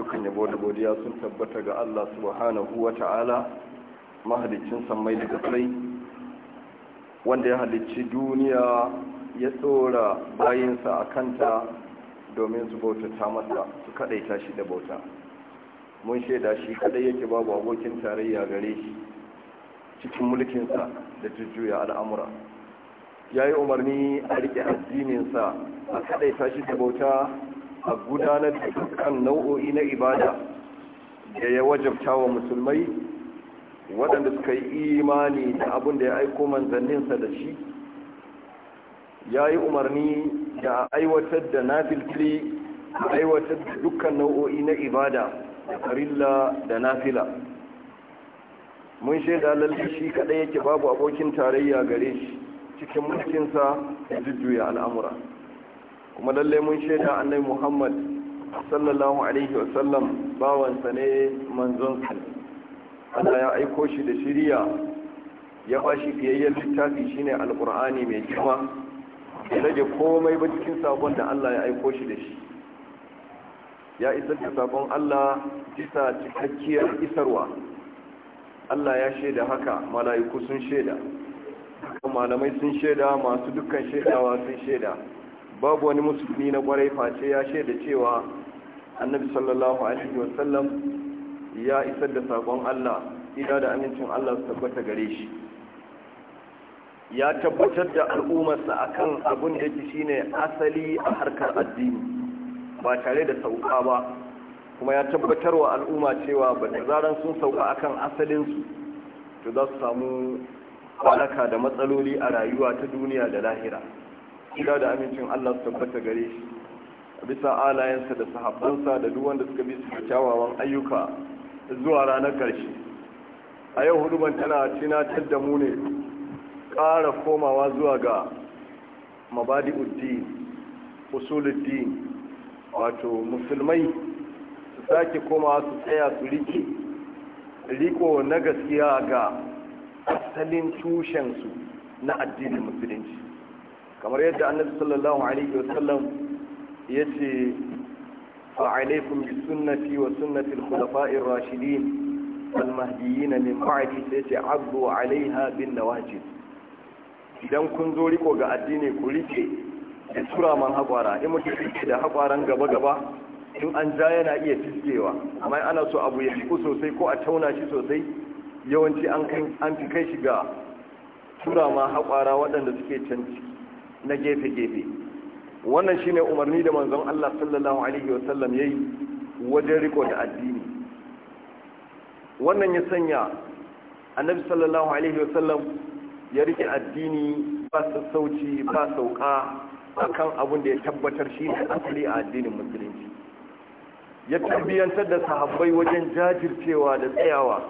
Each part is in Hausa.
dukkan yabo da godiya sun tabbata ga Allah subhanahu wa ta'ala mahalicin sammai da kasai wanda ya halicci duniya ya tsora bayinsa a kanta domin su bautata masa su kadaita shi da bauta mun shaida shi kadai yake babu abokin tarayya gare shi cikin mulkinsa da jujjuya al'amura ya yi umarni a riƙe addininsa a kadaita shi da bauta a gudanar da dukkan nau'o'i na ibada da ya wajabta wa musulmai waɗanda suka yi imani da abin da ya aiko manzanninsa da shi ya yi umarni da aiwatar da nafilfili a aiwatar da dukkan nau'o'i na ibada da farilla da nafila mun shaida lalle shi kaɗai yake babu abokin tarayya gare shi cikin mulkinsa da jujjuya al'amura kuma lalle mun shaida annabi muhammad sallallahu alaihi wasallam bawansa ne manzon Allah ya aiko shi da shiriya ya ba shi littafi shine alkur'ani mai kima ya rage komai ba cikin sabon da Allah ya aiko shi da shi ya isar da sabon Allah bisa cikakkiyar isarwa Allah ya shaida haka mala'iku sun shaida malamai sun shaida masu dukkan shaidawa sun shaida babu wani musulmi na kwarai face ya shaida cewa annabi sallallahu alaihi wasallam ya isar da sakon Allah ida da amincin Allah su tabbata gare shi ya tabbatar da al'ummarsa akan abin da yake shine asali a harkar addini ba tare da sauka ba kuma ya tabbatar wa al'umma cewa ba da zaran sun sauka akan asalinsu to za su samu halaka da matsaloli a rayuwa ta duniya da lahira kira da amincin Allah su tabbata gare shi bisa alayensa da sahabbansa da duk wanda suka bi su da kyawawan ayyuka zuwa ranar karshe a yau hudubar tana tinatar da mu ne ƙara komawa zuwa ga mabadi'uddin usuluddin wato musulmai su sake komawa su tsaya su rike riko na gaskiya ga asalin tushensu na addinin musulunci kamar yadda annabi sallallahu alaihi wasallam ya ce fa'alaikum bi sunnati wa sunnati al-khulafa'i ar-rashidin al-mahdiyyin min ba'di sai abdu alaiha bin nawajib idan kun zo riko ga addini ku rike da tura man hakwara in mutum rike da hakwaran gaba gaba in an ja yana iya fiskewa amma ana so abu ya fiku sosai ko a tauna shi sosai yawanci an fi kai shi ga tura man hakwara waɗanda suke can na gefe-gefe wannan shi ne umarni da manzon Allah sallallahu alaihi wasallam yi wajen riko da addini wannan ya sanya annabi sallallahu alaihi wasallam ya rike addini ba sassauci ba sauka kan abin da ya tabbatar shi ne asali a addinin musulunci ya tarbiyantar da sahabbai wajen jajircewa da tsayawa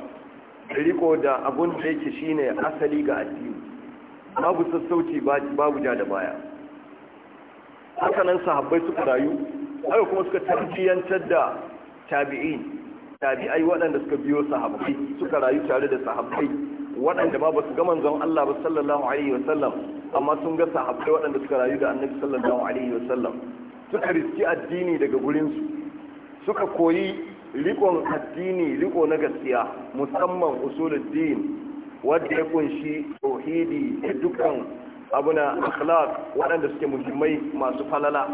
da riko da abin da yake ne asali ga addini babu sassauci babu ja da baya hakanan sahabbai suka rayu haka kuma suka tarbiyyantar da tabi'i tabi'ai waɗanda suka biyo sahabbai suka rayu tare da sahabbai waɗanda ba ba su ga manzon Allah ba sallallahu alaihi wasallam amma sun ga sahabbai waɗanda suka rayu da annabi sallallahu alaihi wasallam suka riski addini daga gurinsu suka koyi riƙon addini riƙo na gaskiya musamman usuluddin wadda ya kunshi tauhidi da dukkan abuna akhlaq waɗanda suke muhimmai masu falala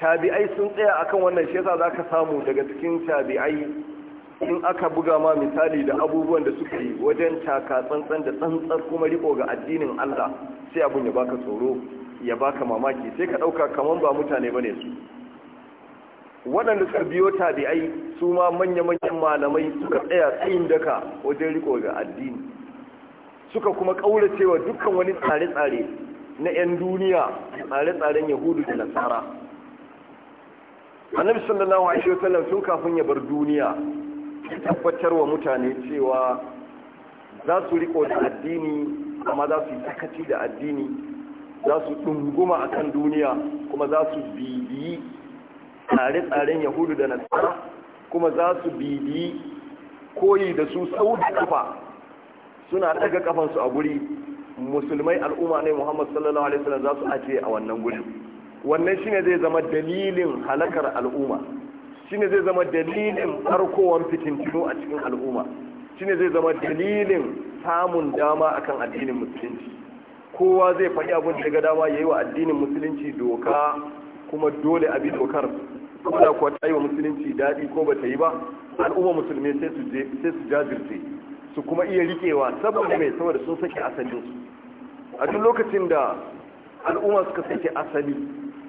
tabi'ai sun tsaya akan wannan shi yasa zaka samu daga cikin tabi'ai in aka buga ma misali da abubuwan da suka yi wajen taka tsantsan da tsantsan kuma riko ga addinin Allah sai abun ya baka tsoro ya baka mamaki sai ka dauka kaman ba mutane bane su waɗanda suka biyo tabi'ai su ma manya-manyan malamai suka tsaya tsayin daka wajen riko ga addini suka kuma ƙauracewa dukkan wani tsare-tsare na 'yan duniya tsare-tsaren yahudu da nasara annabi sallallahu alaihi wasallam sun kafin ya bar duniya tabbatar wa mutane cewa za su riko da addini amma za su yi sakaci da addini za su ɗunguma kan duniya kuma za su bibiyi tsare-tsaren yahudu da nasara kuma za su bibi koyi da su sau da kafa suna daga kafansu a guri musulmai al'umma ne muhammad sallallahu alaihi wasallam za su ajiye a wannan guri wannan shine zai zama dalilin halakar al'umma shine zai zama dalilin farkowar fitintinu a cikin al'umma shine zai zama dalilin samun dama akan addinin musulunci kowa zai faɗi abin da ga dama yi wa addinin musulunci doka kuma dole a bi dokar ko da kuwa ta yi wa musulunci daɗi ko ba ta yi ba al'umma musulmi sai su jajirce su kuma iya riƙewa saboda mai saboda sun sake asalinsu a duk lokacin da al'umma suka sake asali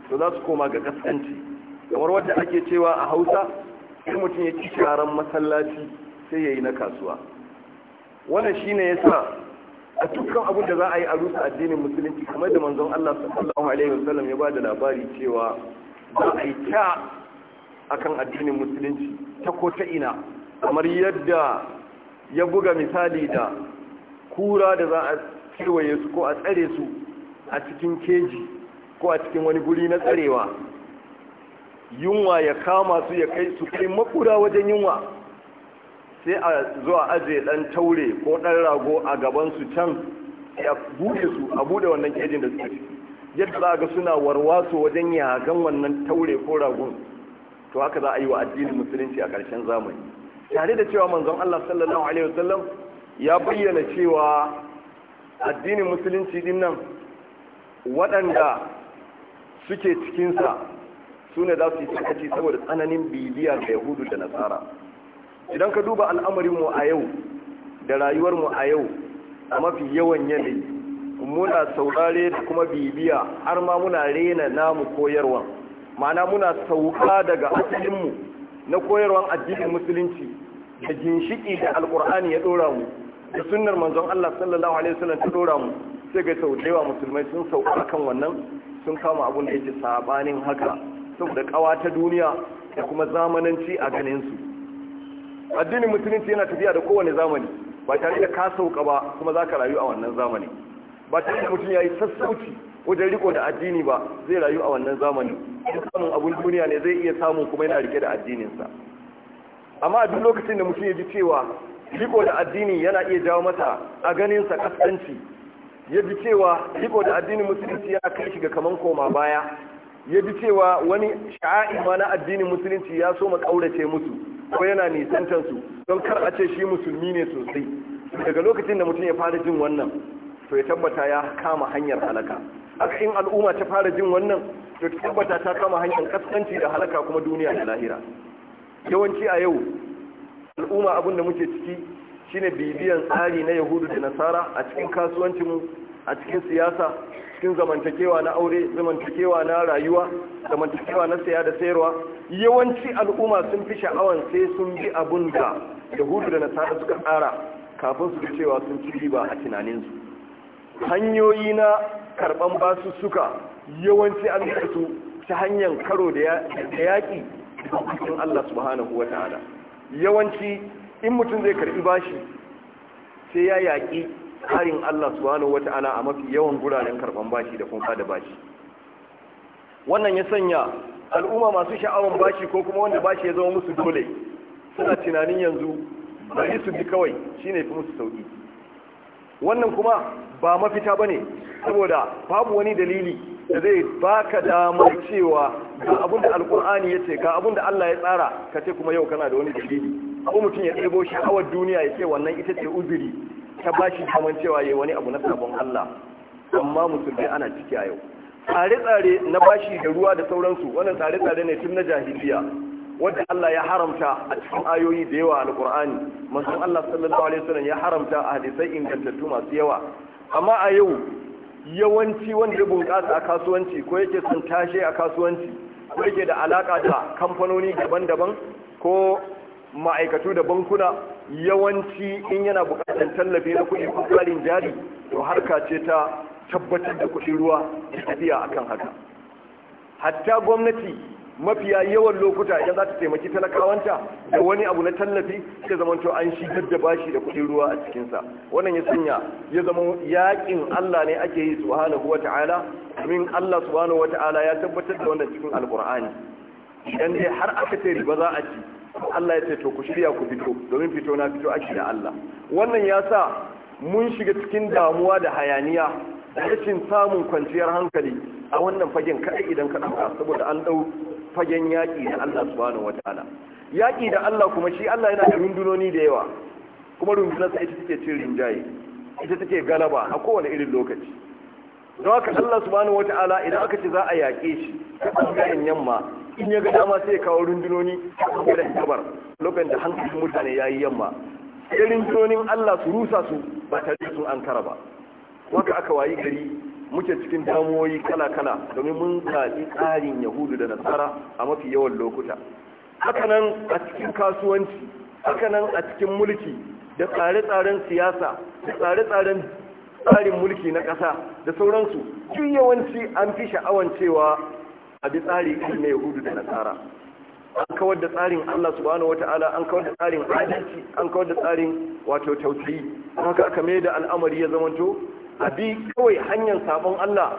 to za su koma ga kaskanci kamar wadda ake cewa a hausa sai mutum ya ci sharan masallaci sai ya yi na kasuwa wannan shine yasa a dukkan abin da za a yi a rusa addinin musulunci kamar da manzon Allah sallallahu alaihi wasallam ya ba da labari cewa za a yi ta akan addinin musulunci ta ko ta ina kamar yadda ya buga misali da kura da za a kirwaye su ko a tsare su a cikin keji ko a cikin wani guri na tsarewa yunwa ya kama su ya kai su kai makura wajen yunwa sai a zuwa aje dan taure ko dan rago a gaban su can ya bude su a bude wannan kejin da suke yadda za ga suna warwaso wajen yagan wannan taure ko ragon to haka za a yi wa addinin musulunci a ƙarshen zamani tare da cewa manzon Allah sallallahu alaihi wasallam ya bayyana cewa addinin musulunci din nan waɗanda suke cikinsa su ne za su yi sakaci saboda tsananin bibiya ga yahudu da nasara idan ka duba al'amarinmu a yau da rayuwarmu a yau a mafi yawan yanayi muna saurare da kuma bibiya har ma muna rena namu koyarwa ma'ana muna sauka daga asalinmu na koyarwan addinin musulunci da ginshiki da alkur'ani ya dora mu da sunnar manzon Allah sallallahu alaihi wasallam ta dora mu sai ga sau musulmai sun sauka kan wannan sun kama abun da yake sabanin haka saboda kawa ta duniya da kuma zamananci a ganin su addinin musulunci yana tafiya da kowane zamani ba tare da ka sauka ba kuma za ka rayu a wannan zamani ba tare da mutum ya yi sassauci wajen riko da addini ba zai rayu a wannan zamani in samun abun duniya ne zai iya samun kuma yana rike da addininsa amma a duk lokacin da mutum ya ji cewa riko da addini yana iya jawo mata a ganinsa kasanci ya ji cewa riko da addinin musulunci yana kai shi ga kaman koma baya ya ji cewa wani sha'a'i ma na addinin musulunci ya so mu kaurace musu ko yana nisantar su don kar a ce shi musulmi ne sosai daga lokacin da mutum ya fara jin wannan to ya tabbata ya kama hanyar halaka aka in al'umma ta fara jin wannan to ta tabbata ta kama hanyar kaskanci da halaka kuma duniya da lahira yawanci a yau al'umma abin da muke ciki shine bibiyan tsari na yahudu da nasara a cikin kasuwancinmu a cikin siyasa cikin zamantakewa na aure zamantakewa na rayuwa zamantakewa na saya da sayarwa yawanci al'umma sun fi sha'awan sai sun bi abun da yahudu da nasara suka tsara kafin su cewa sun ci riba a tunaninsu hanyoyi na karban suka yawanci an su ta hanyar karo da yaƙi da cikin Allah subhanahu wa ta'ala yawanci in mutum zai karbi bashi sai ya yaƙi harin Allah subhanahu ana a mafi yawan guraren karban bashi da kuma da bashi wannan ya sanya al'umma masu sha'awan bashi ko kuma wanda bashi ya zama musu dole suna tunanin yanzu bari su bi kawai shine fi musu sauki wannan kuma ba mafita ba ne saboda babu wani dalili da zai baka damar cewa ga abin da alkur'ani ya ce ga abin da Allah ya tsara ka ce kuma yau kana da wani dalili ko mutum ya ɗebo sha'awar duniya ya ce wannan ita ce uzuri ta ba shi daman cewa wani abu na sabon Allah amma musulmi ana ciki a yau tsare-tsare na bashi da ruwa da sauransu wannan tsare-tsare ne tun na jahiliya wadda Allah ya haramta a cikin ayoyi da yawa alkur'ani manzon Allah sallallahu alaihi wasallam ya haramta a hadisai ingantattu masu yawa amma a yau yawanci wanda ya bunƙasa a kasuwanci ko yake son tashe a kasuwanci ko yake da alaka da kamfanoni daban-daban ko ma'aikatu da bankuna yawanci in yana bukatar tallafi na kuɗi ko tsarin jari to harka ce ta tabbatar da kuɗin ruwa da tafiya akan haka hatta gwamnati mafiya yawan lokuta idan za ta taimaki talakawanta da wani abu na tallafi ta zamanto an shi da bashi da kuɗin ruwa a cikinsa wannan ya sanya ya zama yaƙin allah ne ake yi subhanahu wata'ala domin allah subhanahu wata'ala ya tabbatar da wannan cikin alƙur'ani idan dai har aka ce riba za a ci Allah ya ce to ku shirya ku fito domin fito na fito ake da Allah wannan ya sa mun shiga cikin damuwa da hayaniya da rashin samun kwanciyar hankali a wannan fagen kaɗai idan ka ɗauka saboda an dau fagen yaƙi da Allah subhanahu wataala yaki yaƙi da Allah kuma shi Allah yana da rundunoni da yawa kuma sa ita take cin rinjaye ita take galaba a kowane irin lokaci don haka Allah subhanahu wataala idan aka ce za a yaƙe shi ta ɓangaren yamma in ya ga dama sai ya kawo rundunoni a ɓangaren gabar lokacin da hankalin mutane ya yi yamma sai rundunonin Allah su rusa su ba tare da sun an kara ba waka aka wayi gari muke cikin damuwoyi kala-kala domin mun kaɗi tsarin yahudu da nasara a mafi yawan lokuta hakanan a cikin kasuwanci hakanan a cikin mulki da tsare-tsaren siyasa da tsare-tsaren tsarin mulki na ƙasa da sauransu duk yawanci an fi sha'awan cewa a bi tsari kan na yahudu da nasara an kawar da tsarin Allah subhanahu wata'ala an kawar da tsarin adalci an kawar da tsarin wato tausayi haka aka mai da al'amari ya zamanto a bi kawai hanyar sabon Allah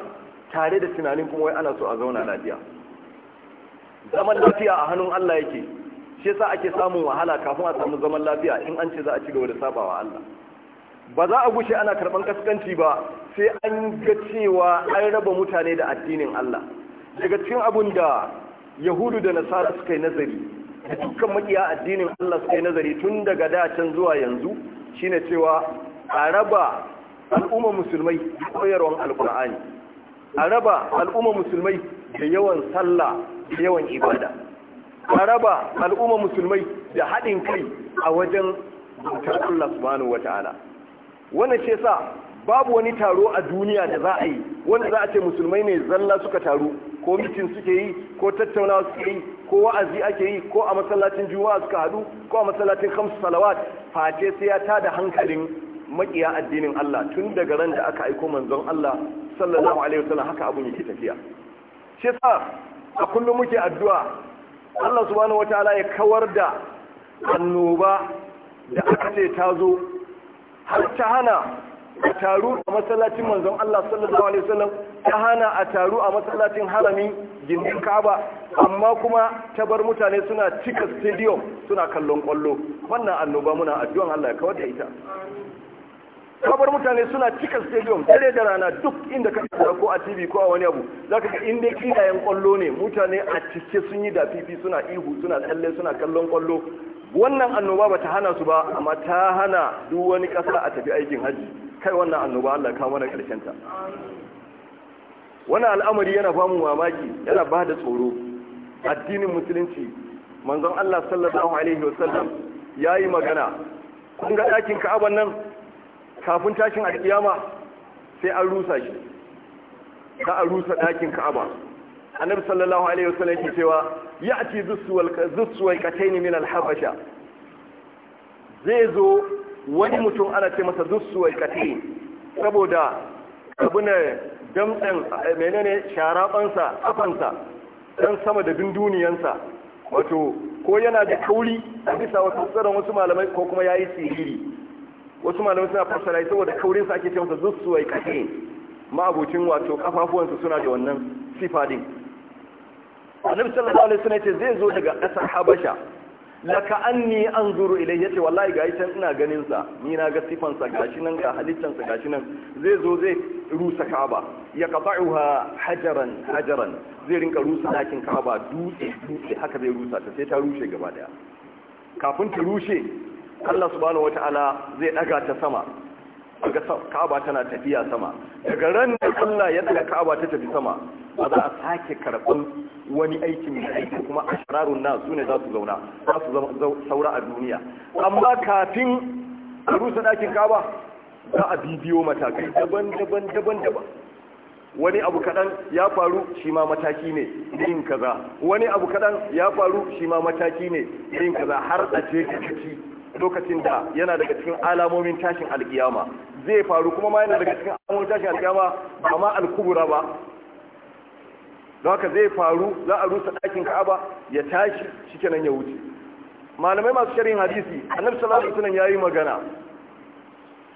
tare da tunanin kuma wai ana so a zauna lafiya zaman lafiya a hannun Allah yake shi yasa ake samun wahala kafin a samu zaman lafiya in an ce za a ci gaba da sabawa Allah ba za a gushe ana karban kaskanci ba sai an ga cewa an raba mutane da addinin Allah daga cikin abun da yahudu da nasara suka yi nazari da dukkan makiya addinin Allah suka yi nazari tun daga da can zuwa yanzu shine cewa a raba al'umma musulmai da koyarwan alkur'ani a raba al'umma musulmai da yawan sallah da yawan ibada a raba al'umma musulmai da haɗin kai a wajen bautar Allah subhanahu wata'ala wannan ce sa babu wani taro a duniya da za a yi wanda za a ce musulmai ne zalla suka taru ko mitin suke yi ko tattaunawa suke yi ko wa'azi ake yi ko a masallacin juma'a suka haɗu ko a masallacin khamsu salawat face sai ya tada hankalin makiya addinin Allah tun daga ran da aka aiko manzon Allah sallallahu alaihi wasallam haka abun yake tafiya shi sa a kullum muke addu'a Allah subhanahu wataala ya kawar da annoba da aka ce ta zo har ta hana a taru a masallacin manzon Allah sallallahu alaihi wasallam ta hana a taru a masallacin harami gindin Kaba. amma kuma ta bar mutane suna cika stadium suna kallon kwallo wannan annoba muna addu'an Allah ya kawar da ita Ta bar mutane suna cika stadium dare da rana duk inda ka kasa ko a tv ko a wani abu zaka ga inda kiyayen kwallo ne mutane a cike sun yi dafifi suna ihu suna tsalle suna kallon kwallo wannan annoba ba ta hana su ba amma ta hana duk wani kasa a tafi aikin hajji kai wannan annoba Allah ka mana ƙarshen ta wannan al'amari yana ba mu mamaki yana ba da tsoro addinin musulunci manzon Allah sallallahu alaihi sallam yayi magana kun ga dakin Ka'aban nan kafin tashin alkiyama sai an rusa shi ka an rusa dakin Ka'aba annabi sallallahu alaihi sallam yake cewa ya'ti zuswal zuswal katayn min al-habasha zai zo wani mutum ana ce masa dussuwar kati saboda abuna damtsen eh, menene sharaɓansa kafansa don sama da dunduniyansa wato ko yana da kauri a bisa wasu tsaron wasu malamai ko kuma ya yi sihiri wasu malamai suna fassara saboda kaurin sa ake ce masa dussuwar kati ma'abucin wato kafafuwansa suna da wannan sifa din annabi sallallahu alaihi wasallam ce zai zo daga ƙasar habasha laka anni ilai ya ce wallahi ga can ina ganin sa ni na ga sifan sa gashi nan ga halittan sa gashi nan zai zo zai rusa kaba ya qata'uha hajaran hajaran zai rinka rusa dakin Ka'aba dutse dutse haka zai rusa ta sai ta rushe gaba daya kafin ta rushe Allah subhanahu wataala zai daga ta sama ga ka'aba tana tafiya sama daga ran da Allah ya daga ka'aba ta tafi sama ba za a sake karɓar wani aikin da aiki kuma ashrarun na su ne za su zauna za su zama saura a duniya amma kafin a rusa ɗakin ka'aba za a bibiyo matakai daban daban daban daban wani abu kadan ya faru shi ma mataki ne yin kaza wani abu kadan ya faru shi ma mataki ne yin kaza har a ce ka lokacin da yana daga cikin alamomin tashin alkiyama zai faru kuma ma yana daga cikin alamomin tashin alkiyama ba ma alkubura ba don haka zai faru za a rusa ɗakin ka'aba ya tashi shikenan ya wuce malamai masu sharhin hadisi annabi sallallahu alaihi wasallam yayi magana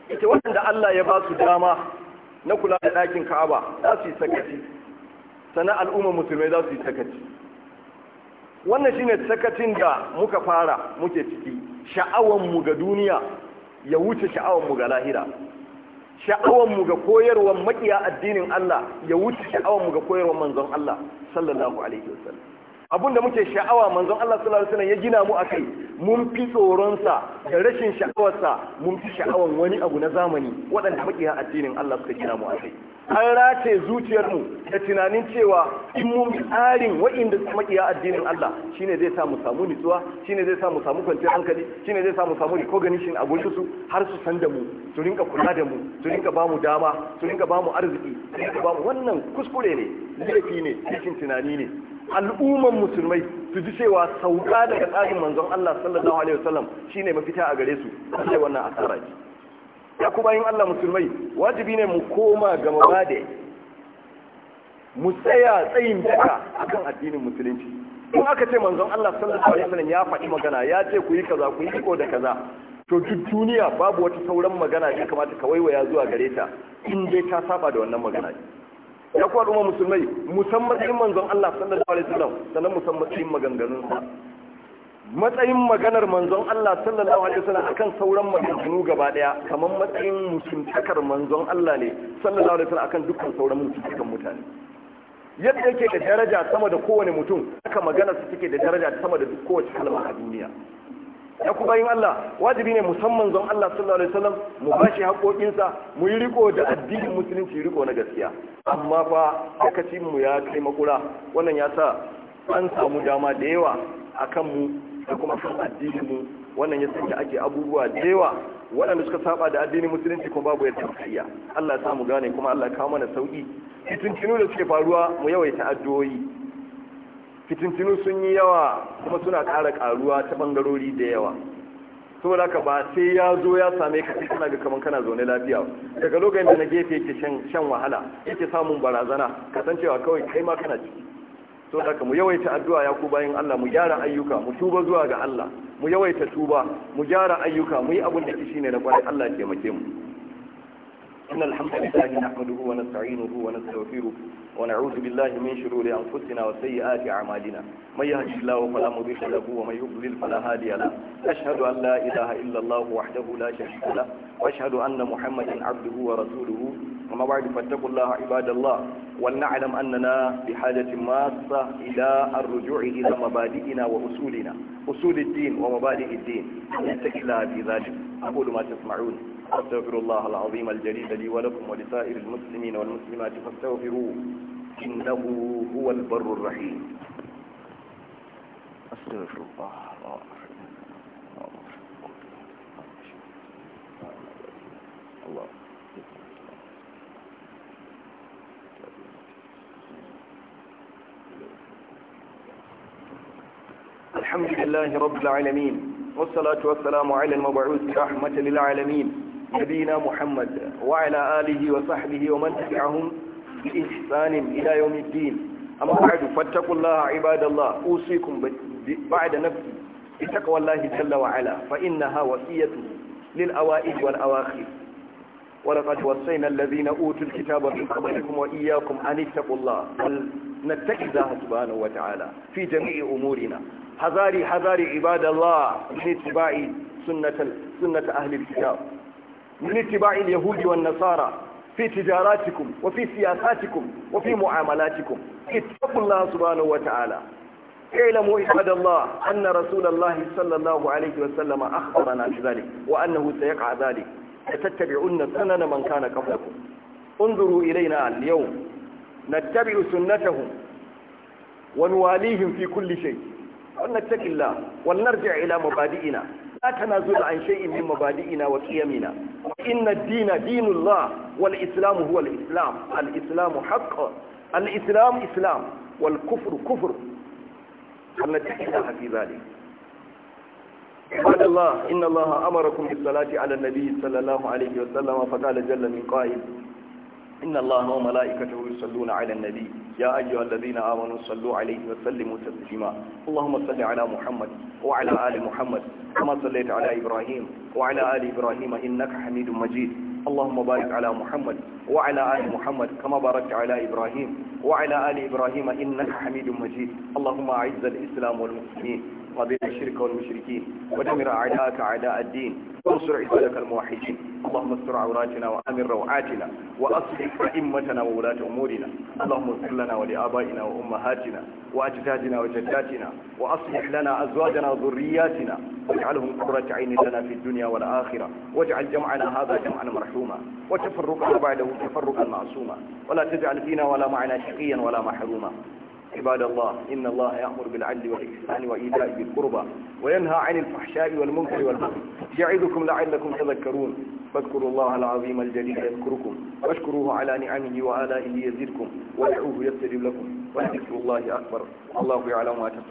ita wanda Allah ya ba su dama na kula da ɗakin ka'aba za su yi sakaci sannan al'ummar musulmai za su yi sakaci wannan shine sakacin da muka fara muke ciki mu ga duniya ya wuce sha'awanmu ga lahira sha'awanmu ga koyarwar maƙiya addinin Allah ya wuce sha'awanmu ga koyarwar manzon Allah sallallahu alaihi wasallam abinda muke sha'awa manzon Allah sallallahu alaihi wasallam ya gina mu akai mun fi tsoronsa da rashin sha'awarsa mun fi sha'awan wani abu na zamani waɗanda makiya addinin Allah suka gina mu akai an zuciyar zuciyarmu da tunanin cewa in mun tsarin wa'inda su makiya addinin Allah shine zai samu mu samu nutsuwa shine zai samu samu kwanciyar hankali shine zai samu mu samu shi a gurin su har su san da mu su rinka kula da mu su rinka ba mu dama su rinka ba mu arziki su rinka ba wannan kuskure ne laifi ne cikin tunani ne al'umman musulmai su ji cewa sauka daga tsarin manzon Allah sallallahu alaihi wasallam shine mafita a gare su sai wannan asara ce ya kuma yin Allah musulmai wajibi ne mu koma ga mabade mu tsaya tsayin daka akan addinin musulunci in aka ce manzon Allah sallallahu alaihi wasallam ya faɗi magana ya ce ku yi kaza ku yi iko da kaza to duk duniya babu wata sauran magana da ya kamata ka waiwaya zuwa gare ta in dai ta saba da wannan magana ya kuwa musulmai musamman in manzon Allah sallallahu alaihi wasallam sannan musamman maganganun sa matsayin maganar manzon Allah sallallahu alaihi wasallam akan sauran maganganu gaba daya kamar matsayin mutuntakar manzon Allah ne sallallahu alaihi wasallam akan dukkan sauran mutuntakan mutane yadda yake da daraja sama da kowane mutum haka maganar su take da daraja sama da duk kowace kalma a duniya ya ku yin Allah wajibi ne musamman zon Allah sallallahu alaihi wasallam mu bashi haƙoƙinsa mu yi riko da addinin musulunci riko na gaskiya amma fa lokaci mu ya kai makura wannan ya sa an samu dama da yawa akan mu da kuma kan addinin mu wannan ya sanya ake abubuwa da yawa waɗanda suka saba da addinin musulunci kuma babu yadda muka iya Allah ya mu gane kuma Allah ya kawo mana sauki fitintinu da suke faruwa mu yawaita addu'o'i fitintinu sun yi yawa kuma suna ƙara ƙaruwa ta bangarori da yawa saboda haka ba sai ya zo ya same ka sai kana ga kaman kana zaune lafiya daga lokacin da na gefe yake shan wahala yake samun barazana kasancewa kawai kai ma kana ciki to haka mu yawaita addu'a ya ku Allah mu gyara ayyuka mu tuba zuwa ga Allah mu yawaita tuba mu gyara ayyuka mu yi abin da shine da kwarai Allah ke make mu inna alhamdulillahi nahmaduhu wa nasta'inuhu wa nastaghfiruhu wa na'udhu billahi min shururi anfusina wa sayyiati a'malina may yahdihillahu fala mudilla lahu wa may yudlil fala hadiya lahu ashhadu an la ilaha illa Allah wahdahu la sharika lahu wa ashhadu anna muhammadan 'abduhu wa rasuluhu أما بعد فاتقوا الله عباد الله ولنعلم أننا بحاجة ماسة إلى الرجوع إلى مبادئنا وأصولنا أصول الدين ومبادئ الدين نتكي لها في ذلك أقول ما تسمعون أستغفر الله العظيم الجليل لي ولكم ولسائر المسلمين والمسلمات فاستغفروه إنه هو البر الرحيم أستغفر الله الله الله الحمد لله رب العالمين والصلاة والسلام على المبعوث رحمة للعالمين نبينا محمد وعلى آله وصحبه ومن تبعهم بإحسان إلى يوم الدين أما بعد فاتقوا الله عباد الله أوصيكم بعد نفسي بتقوى الله جل وعلا فإنها وصية للأوائل والأواخر ولقد وصينا الذين أوتوا الكتاب من قبلكم وإياكم أن اتقوا الله ولنتقي الله سبحانه وتعالى في جميع أمورنا حذاري حذاري عباد الله من اتباع سنة, سنة أهل الكتاب من اتباع اليهود والنصارى في تجاراتكم وفي سياساتكم وفي معاملاتكم اتقوا الله سبحانه وتعالى اعلموا عباد الله أن رسول الله صلى الله عليه وسلم أخبرنا بذلك وأنه سيقع ذلك فتتبعون سنن من كان قبلكم انظروا إلينا اليوم نتبع سنتهم ونواليهم في كل شيء ونتق الله ولنرجع إلى مبادئنا لا تنازل عن شيء من مبادئنا وقيمنا إن الدين دين الله والإسلام هو الإسلام الإسلام حق الإسلام إسلام والكفر كفر ولنتق الله في ذلك عباد الله إن الله أمركم بالصلاة على النبي صلى الله عليه وسلم فقال جل من قائل إن الله وملائكته يصلون على النبي يا أيها الذين آمنوا صلوا عليه وسلموا تسليما اللهم صل على محمد وعلى آل محمد كما صليت على إبراهيم وعلى آل إبراهيم إنك حميد مجيد اللهم بارك على محمد وعلى آل محمد كما باركت على إبراهيم وعلى آل إبراهيم إنك حميد مجيد اللهم أعز الإسلام والمسلمين وبين الشرك والمشركين ودمر أعداءك أعداء الدين وانصر عبادك الموحدين اللهم استر عوراتنا وامن روعاتنا واصلح ائمتنا وولاة امورنا اللهم اغفر لنا ولابائنا وامهاتنا واجدادنا وجداتنا واصلح لنا ازواجنا وذرياتنا واجعلهم قرة عين لنا في الدنيا والآخرة واجعل جمعنا هذا جمعا مرحوما وتفرقنا بعده تفرقا معصوما ولا تجعل فينا ولا معنا شقيا ولا محروما عباد الله إن الله يأمر بالعدل والإحسان وإيتاء ذي القربى وينهى عن الفحشاء والمنكر والبغي يعظكم لعلكم تذكرون فاذكروا الله العظيم الجليل يذكركم واشكروه على نعمه وآلائه يزدكم وادعوه يستجب لكم ولذكر الله أكبر الله يعلم ما تصنعون